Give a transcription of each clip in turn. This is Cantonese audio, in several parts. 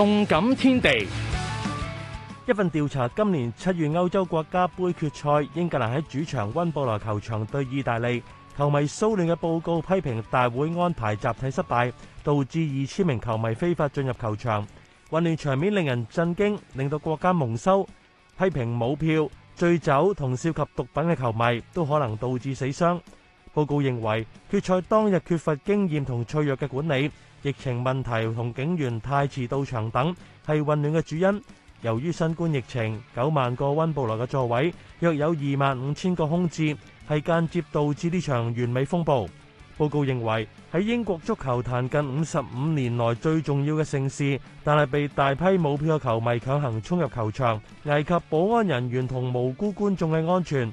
動感天地一份調查，今年七月歐洲國家盃決賽，英格蘭喺主場溫布萊球場對意大利，球迷騷亂嘅報告批評大會安排集體失敗，導致二千名球迷非法進入球場，混亂場面令人震驚，令到國家蒙羞。批評冇票、醉酒同涉及毒品嘅球迷，都可能導致死傷。報告認為，決賽當日缺乏經驗同脆弱嘅管理，疫情問題同警員太遲到場等，係混亂嘅主因。由於新冠疫情，九萬個溫布萊嘅座位約有二萬五千個空置，係間接導致呢場完美風暴。報告認為，喺英國足球壇近五十五年來最重要嘅盛事，但係被大批冇票嘅球迷強行衝入球場，危及保安人員同無辜觀眾嘅安全。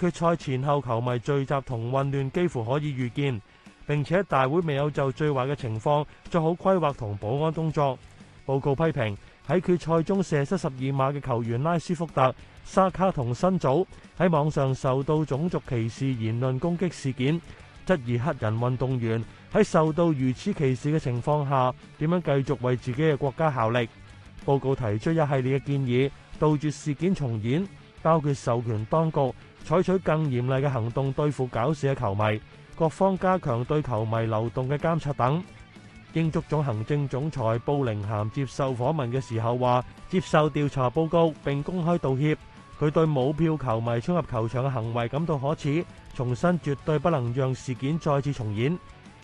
決賽前後球迷聚集同混亂幾乎可以預見，並且大會未有就最壞嘅情況做好規劃同保安工作。報告批評喺決賽中射失十二碼嘅球員拉斯福特、沙卡同新祖喺網上受到種族歧視言論攻擊事件，質疑黑人運動員喺受到如此歧視嘅情況下點樣繼續為自己嘅國家效力。報告提出一系列嘅建議，杜絕事件重演，包括授權當局。採取更嚴厲嘅行動對付搞事嘅球迷，各方加強對球迷流動嘅監測等英足總行政總裁布靈鹹接受訪問嘅時候話，接受調查報告，並公開道歉。佢對冇票球迷衝入球場嘅行為感到可恥，重申絕對不能讓事件再次重演。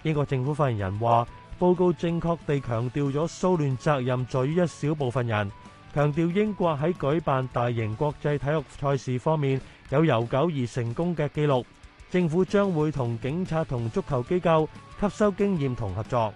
英國政府發言人話，報告正確地強調咗騷亂責任在於一小部分人，強調英國喺舉辦大型國際體育賽事方面有悠久而成功嘅記錄，政府將會同警察同足球機構吸收經驗同合作。